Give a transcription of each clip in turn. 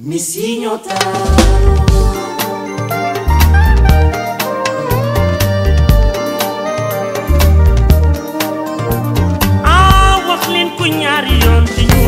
Misiñota. Ah, wax leen ku ñaari yoon ci ñu.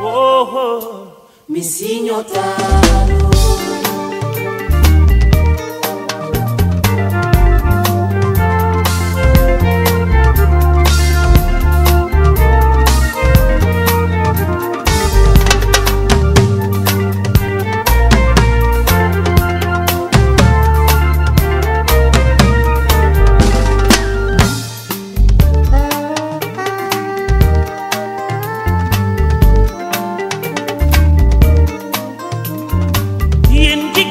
Oh, oh. Misiñota.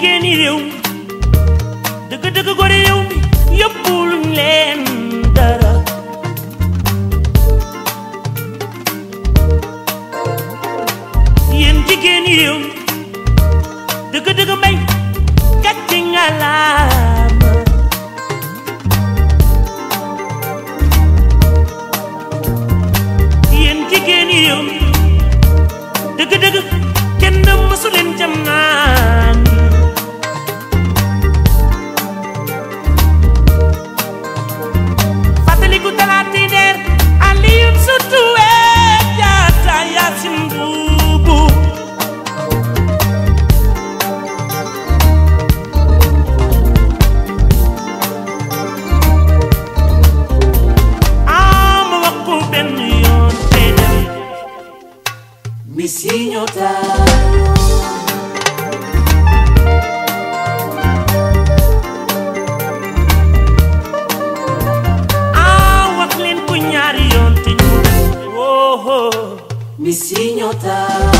jigéeni réew mi dëgg-dëgg gori réew mi yóbbuwuluñ leen minutos.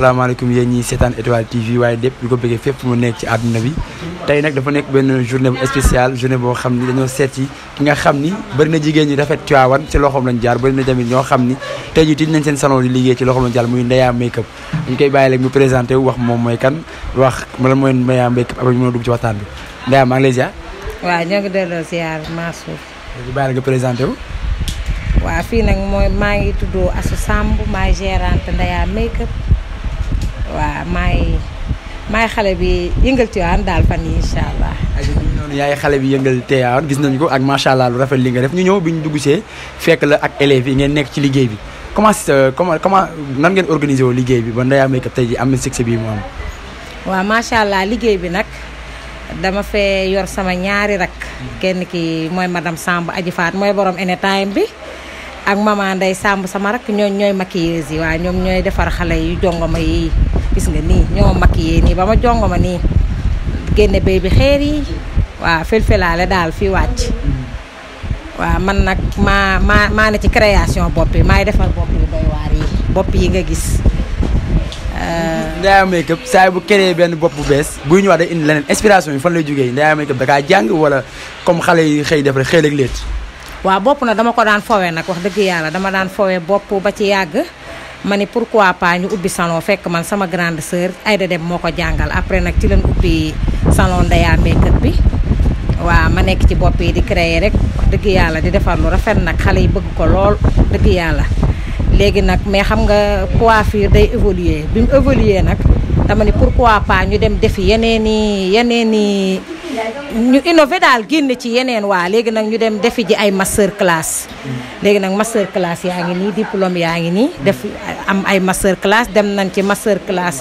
asalaamaaleykum yéen ñi seetaan étoile TV waaye lépp di ko bëggee fépp mu nekk ci àdduna bi tey nag dafa nekk benn journée bu spéciale journée boo xam ni dañoo seet yi ki nga xam ni bëri na ñi rafet Tiwaawan ci loxoom lañ jaar bëri na tamit ñoo xam ni tey jii tij nañ seen salon di liggéey ci loxoom lañ jaar muy Ndeya Makeup dañ koy bàyyi léegi mu présenté wu wax moom mooy kan wax lan mooy Ndeya Makeup après ñu mën a dugg ci waxtaan bi Ndeya maa ngi lay ziar waaw la nga présenté wu waaw fii nag mooy maa ngi tuddoo Asu Samb maay gérante Ndeya Makeup waa maay maay xale bi yëngal Tivaouane daal fan yi incha allah. noonu yaay xale bi yëngal Tivaouane gis nañ ko ak macha allah lu rafet li nga def ñu ñëw bi ñu dugg see fekk la ak élèves yi ngeen nekk ci liggéey bi comment comment comment nan ngeen organiser woo liggéey bi ba Ndeya Makeup tey ji am na succès bii mu am. macha allah liggéey bi nag dama fee yor sama ñaari rak hmm. kenn ki mooy madame Samb Aji Faat mooy borom anytime bi. ak maman Ndeye Samb sama rak ñooñ ñooy maquilleuse yi waaw ñoom ñooy defar xale yu jongoma yi gis nga nii ñoo maquillé nii ba ma jongoma nii génne béy bi xeer yi waaw felfelaale daal fi wàcc waaw man nag maa maa maa ne ci création bopp yi maay defar bopp yu doy waar yi bopp yi nga gis euh, Ndaya Makeup saa bu créé benn bopp bu bees buy ñëwaat day indi leneen inspiration yi fan lay jógee Ndaya Makeup da kaa jàng wala comme xale yi xëy def rek xëy wa bop na dama ko daan fowé nak wax deug yalla dama daan fowé bop ba ci yag mané pourquoi pas ñu ubbi salon fekk man sama grande sœur Aïda Dem moko janggal, après nak ci ubbi salon Ndeya Makeup bi wa ma nek ci bop yi di créer rek wax dëgg yàlla di défar lu rafet nak xalé yi bëgg ko lool deug yalla légui nak mais xam nga coiffure day évoluer bimu évoluer nak dama ni pourquoi pas ñu dem defi yeneeni yeneeni ñu innové daal génn ci yeneen waa léegi nag ñu dem defi ji ay master class. léegi nag master class yaa ngi nii diplôme yaa ngi nii. def am ay master class dem nañ ci master class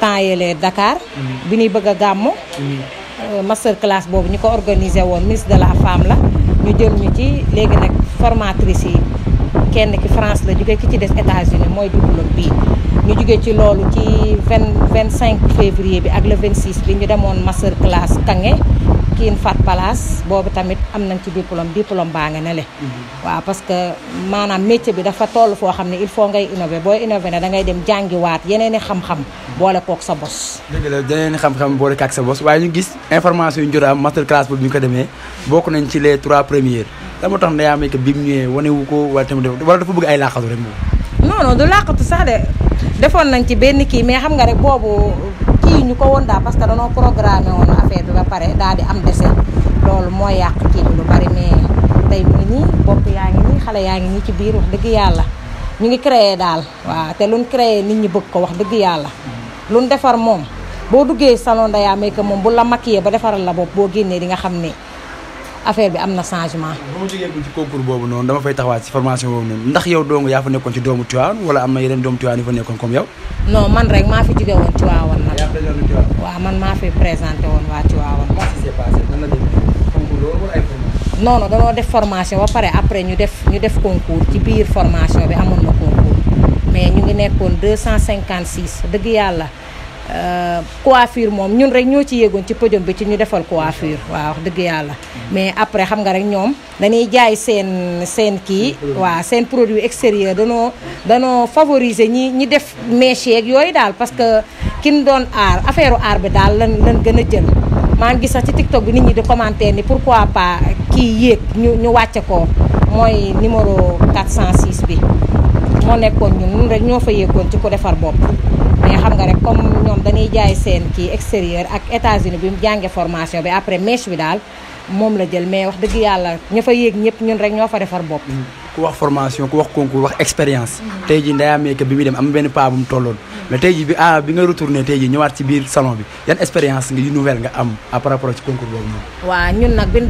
temps yële Dakar. Mm. bi ñuy bëgg a gàmmu. Mm. Euh, master class boobu ñu ko organisé woon ministre de la femme la ñu jël ñu ci léegi nag formatrice yi. kenn ki France la jóge ki ci des États-Unis mooy diplôme bi ñu jóge ci loolu ci vingt vingt cinq février bi ak le vingt six bi ñu demoon master class Kange kiin Fat Palace boobu tamit am nañ ci diplôme diplôme baa nga ne le mhm. waaw parce que maanaam métier bi dafa toll foo xam ne il faut ngay innover booy innover ne da dem jàngiwaat yeneen i xam-xam boole kook sa bos dëgg la yeneen xam-xam boole kaak sa bos waaye ñu gis information yu ñu jot a am master boobu ko demee bokk nañ ci les trois premières la moo tax Ndeye Amika bi mu ñëwee wu ko wala tamit wala dafa bëgg defoon nañ ci benn kii mais xam nga rek boobu kii ñu ko woon daal parce que danoo programmé woon affaire bi ba pare daal di am dese loolu mooy yàq kii lu bari mais tey mu nii bopp yaa ngi nii xale yaa ngi nii ci biir wax dëgg yàlla ñu ngi créer daal waaw te luñ créer nit ñi bëgg ko wax dëgg yàlla luñ defar moom boo duggee salon Daya Make moom bu la maquillé ba defaral la bopp boo génnee di nga xam ne affaire bi am na changement ba ma jógee ci boobu noonu dama fay taxawaat ci formation boobu ndax yow dong yaa fa nekkoon ci doomu Tivaouane wala am na yeneen doomu Tivaouane yu fa nekkoon comme yow non man rek maa fi jóge woon Tivaouane nag waaw man maa fi présenté woon waa non non danoo def formation ba pare après ñu def ñu def concours ci biir formation bi amoon na concours mais ñu ngi nekkoon 256 dëgg yàlla euh, coiffure moom ñun rek ñoo ci yéegoon ci podium bi ci ñu defal coiffure wax dëgg yàlla. mais après xam nga rek ñoom dañuy jaay seen seen kii. waaw seen produit extérieur danoo danoo favoriser ñi ñi def mèche yooyu daal parce que kin doon aar affaire aar bi daal lan lan gën a jël maa gis sax ci TikTok bi nit ñi di commenter ni kii yéeg ñu ñu wàcce ko mooy numéro 406 bi moo nekkoon ñun ñun rek ñoo fa yéegoon ci ku defar bopp mais xam nga rek comme ñoom dañuy jaay seen kii extérieur ak États-Unis bi mu jàngee formation bi après mèche bi daal moom la jël mais wax dëgg yàlla ña fa yéeg ñëpp ñun rek ñoo fa defar bopp mm. ku wax formation ku wax concours wax expérience tey jii Ndeye Amé bi muy dem am benn pas bu mu tolloon mais tey jii bi ah bi nga retourné te jii ñëwaat ci biir salon bi yan expérience nga yu nouvelle nga am par rapport ci concours boobu noonu. waaw ñun nag bi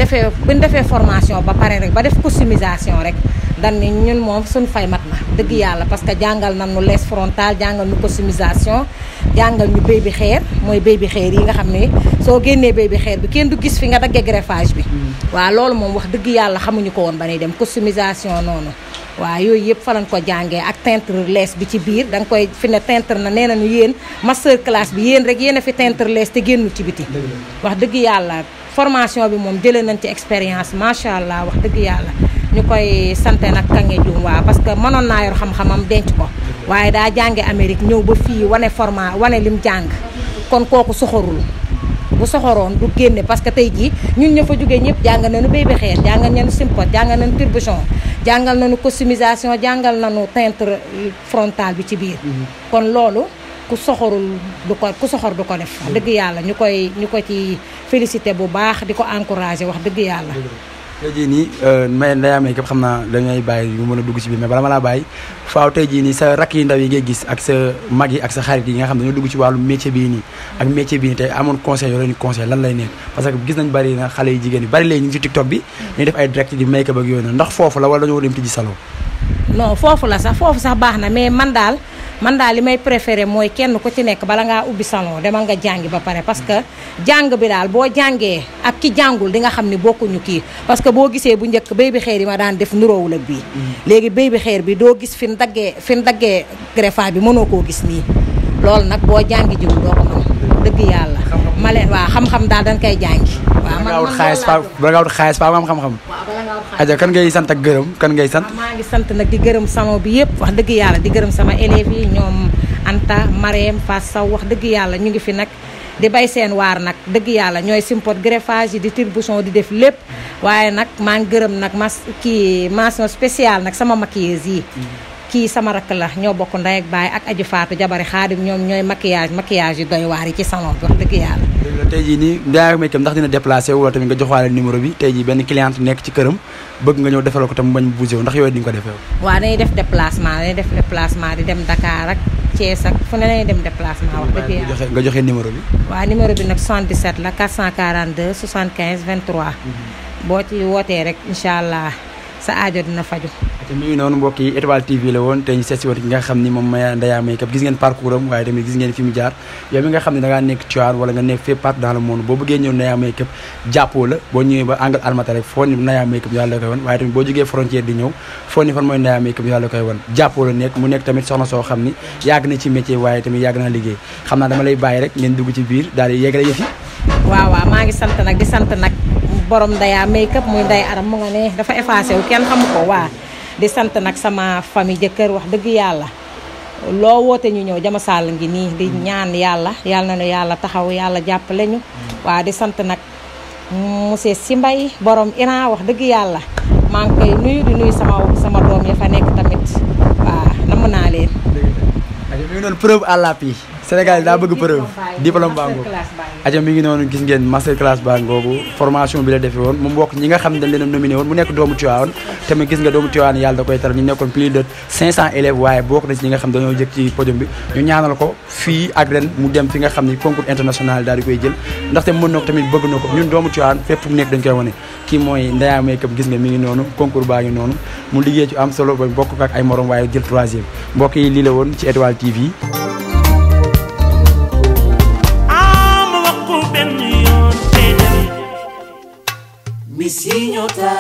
defee formation ba pare rek ba def customisation rek. dan ni ñun mom suñ fay mat na deug yalla parce que jangal nañ nu les frontal jangal nu customisation jangal ñu baby bi moy baby béy yi nga xamné so génné baby béy bi kén du gis fi nga dagge greffage bi mm. wa loolu mom wax dëgg yàlla xamuñu ko won ba dem customisation nonu wa yoy yëpp fa lañ ko jangé ak teinture les bi ci biir dang koy fi ne teinture na nee ñu yeen master class bi yeen rek yeen a fi teinture les te génnu ci biti wax deug yalla formation bi mom jëlé nañ ci expérience machallah wax deug yalla ñu koy sante nag Kange Dioum waaw parce que mënoon naa yor xam-xamam denc ko waaye daa jànge Amérique ñëw ba fii wane format wane lim jàng kon kooku soxorul bu soxoroon du génne parce que tey jii ñun ñu fa jógee ñëpp jàngal nañu béy bi xeer jàngal nañu simpot jàngal nañu turbuchon jàngal nañu customisation jàngal na nañu teinture frontale bi ci biir mhm. kon loolu ku soxorul du ko ku soxor du ko def mhm. dëgg yàlla ñu koy ñu ko ci félicité bu baax di ko encouragé wax dëgg yàlla tey jii nii euh, may ndeyaa may képp xam naa dañuy bàyyi ñu mën a dugg ci biir mais bala ma laa bàyyi faaw tey nii sa rakk yi ndaw yi ngay gis ak sa mag yi ak sa xarit yi nga xam dañoo dugg ci wàllu métier bii nii ak métier bii nii tey amoon conseil yoo leen conseil lan lay nekk parce que gis nañ bari na xale yu jigéen yi bari léegi ñu ci TikTok bi ñu def ay direct di make up ak yooyu noonu ndax foofu la wala dañoo dem tijji salon non foofu la sax foofu sax baax man daal li may préféré mooy kenn ku ci nekk bala ngaa ubbi salon demal nga jàngi ba pare parce que jàng bi daal boo jàngee ak ki jàngul di nga xam ne bokkuñu kii parce que boo gisee bu njëkk bay bi xeer yi ma daan def nuroowul ak bii mm. léegi bay bi xeer bi doo gis fi daggee fi mu daggee greffage bi mënoo koo gis nii loolu nag boo jàngi jiw doo dëgg yàlla ma leen waaw xam-xam daal dañ koy jàngi waaw xaalis pa bala ngaa wut xaalis pa ma am xam-xam aja kan ngay sant ak gërëm kan ngay sant maa ngi sant nag di gërëm sama bi yëpp wax dëgg yàlla di gërëm sama élèves yi ñoom Anta Marème Fass Saw wax dëgg yàlla ñu ngi fi nag di bay seen waar nag dëgg yàlla ñooy simpot greffage yi di distribution di def lépp waaye nag maa ngi gërëm nag mas kii mention spéciale nag sama maquilleuse yi ki sama rakk la ño bokk nday ak bay ak aji faatu jabari xaadim ñom ñoy maquillage maquillage yu doy waari ci salon wax deug dëgg tay ji ni nii Ndiaye Makem ndax dina déplacer wala tamit nga joxwaale numéro bi tay ji ben client nekk ci kërëm bëgg nga ñëw defal ko tam bañ bougé ndax yoy di nga ko defee waaw dañuy def déplacement dañuy def déplacement di dem Dakar ak Thiès ak fu ne dañuy dem déplacement wax deug yàlla nga joxe numéro bi wa numéro bi nak 77 la 442 75 23 bo ci woté rek inshallah sa aajo dina faju nuyu noonu mbokk yi nga xam ni moom Maya Ndeya Makeup gis ngeen parcours am waaye tamit gis ngeen fi mu jaar yow mi nga xam ne da ngaa nekk Tivaouane wala nga nekk fépp part dans le monde boo bëggee ñëw Ndeya Makeup jàppoo la boo ñëwee ba waaye tamit boo jógee frontière di ñëw foo fan mooy Ndeya Makeup yàlla koy won jàppoo la nekk mu nekk tamit soxna soo xam ni yàgg na ci métier waaye tamit yàgg naa liggéey xam naa dama lay bàyyi rek ngeen dugg ci biir daal di yeggale yëf waaw waaw maa ngi sant nag di sant nag borom daya Makeup muy day aram mu nga ne dafa effacé wu kenn ko waa di sant nag sama famille jëkkër wax dëgg yàlla loo woote ñu ñëw jama sall ngi nii di ñaan hmm. yàlla yàlla nañu nu yàlla taxaw yàlla jàppale ñu hmm. waa di sant nag monsieur mm, Simbay borom ina wax dëgg yàlla maa ngi koy nuyu di nuyu sama sama doom ya fa nekk tamit wa namm naa leen. preuve à Sénégal daa bëgg preuve diplôme baa ngoogu aja mi ngi noonu gis ngeen master class baa ngoogu formation bi la defee woon mu bokk ñi nga xam ne dañ woon mu nekk doomu Tivaouane tamit da koy taral ñu nekkoon plus de 500 élèves waaye bokk ko fii ak ren mu nga xam ni concours international daal di koy jël ndaxte mën na ko bëgg na ko ñun doomu Tivaouane fépp nekk dañ koy wane kii gis nga ngi noonu concours baa ngi noonu mu liggéey ci am solo ba bokk ak morom waaye yi lii la woon ci Étoile TV inyota